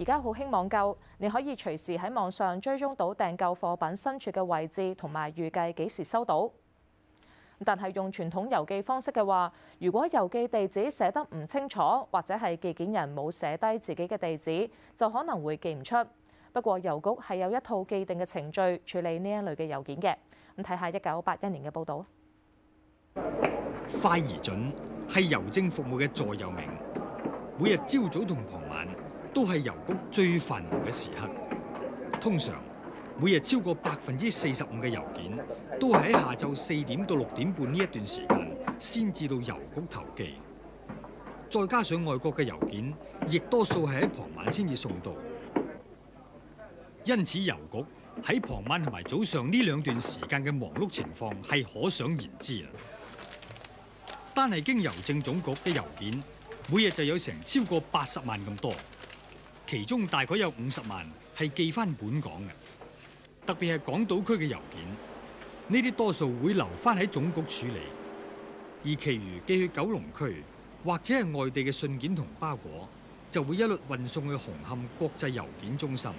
而家好興網購，你可以隨時喺網上追蹤到訂購貨品身處嘅位置同埋預計幾時收到。但係用傳統郵寄方式嘅話，如果郵寄地址寫得唔清楚，或者係寄件人冇寫低自己嘅地址，就可能會寄唔出。不過郵局係有一套既定嘅程序處理呢一類嘅郵件嘅。咁睇下一九八一年嘅報道。快而準係郵政服務嘅座右銘。每日朝早同旁，都係郵局最繁忙嘅時刻。通常每日超過百分之四十五嘅郵件都係喺下晝四點到六點半呢一段時間先至到郵局投寄。再加上外國嘅郵件，亦多數係喺傍晚先至送到。因此，郵局喺傍晚同埋早上呢兩段時間嘅忙碌情況係可想而知啦。單係經郵政總局嘅郵件，每日就有成超過八十萬咁多。其中大概有五十萬係寄翻本港嘅，特別係港島區嘅郵件，呢啲多數會留翻喺總局處理，而其餘寄去九龍區或者係外地嘅信件同包裹，就會一律運送去紅磡國際郵件中心。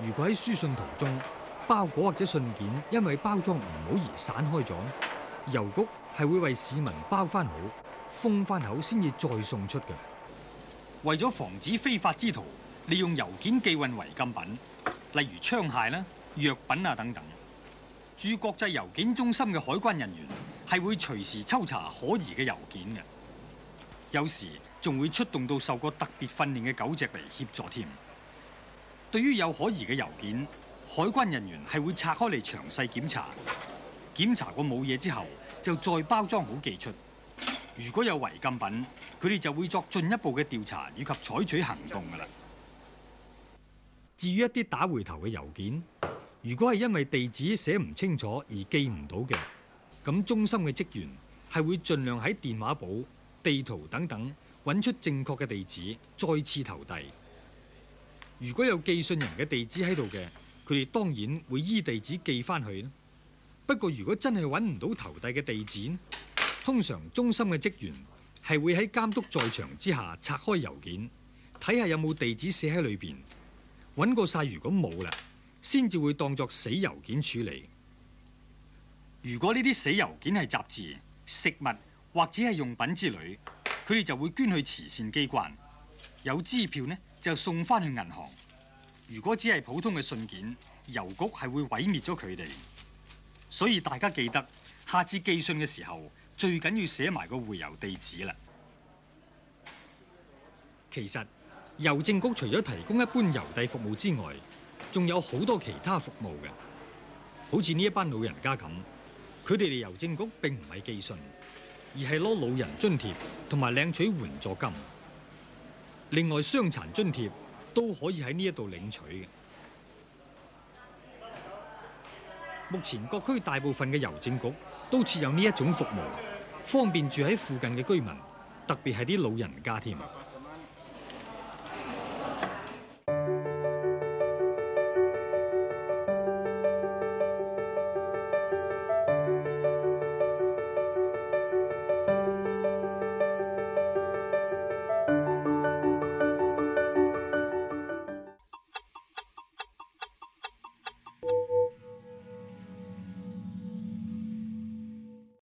如果喺輸送途中，包裹或者信件因為包裝唔好而散開咗，郵局係會為市民包翻好。封返口先至再送出嘅。為咗防止非法之徒利用郵件寄運違禁品，例如槍械啦、藥品啊等等，駐國際郵件中心嘅海關人員係會隨時抽查可疑嘅郵件嘅，有時仲會出動到受過特別訓練嘅狗隻嚟協助添。對於有可疑嘅郵件，海關人員係會拆開嚟詳細檢查，檢查過冇嘢之後，就再包裝好寄出。如果有違禁品，佢哋就會作進一步嘅調查以及採取行動㗎喇。至於一啲打回頭嘅郵件，如果係因為地址寫唔清楚而寄唔到嘅，咁中心嘅職員係會盡量喺電話簿、地圖等等揾出正確嘅地址，再次投遞。如果有寄信人嘅地址喺度嘅，佢哋當然會依地址寄翻去。不過，如果真係揾唔到投遞嘅地址，通常中心嘅職員係會喺監督在場之下拆開郵件，睇下有冇地址寫喺裏邊，揾過晒。如果冇啦，先至會當作死郵件處理。如果呢啲死郵件係雜誌、食物或者係用品之類，佢哋就會捐去慈善機關。有支票呢，就送翻去銀行。如果只係普通嘅信件，郵局係會毀滅咗佢哋。所以大家記得下次寄信嘅時候，最緊要寫埋個回郵地址啦。其實郵政局除咗提供一般郵遞服務之外，仲有好多其他服務嘅，好似呢一班老人家咁，佢哋嚟郵政局並唔係寄信，而係攞老人津貼同埋領取援助金。另外，傷殘津貼都可以喺呢一度領取嘅。目前各區大部分嘅郵政局，都設有呢一種服務，方便住喺附近嘅居民，特別係啲老人家添。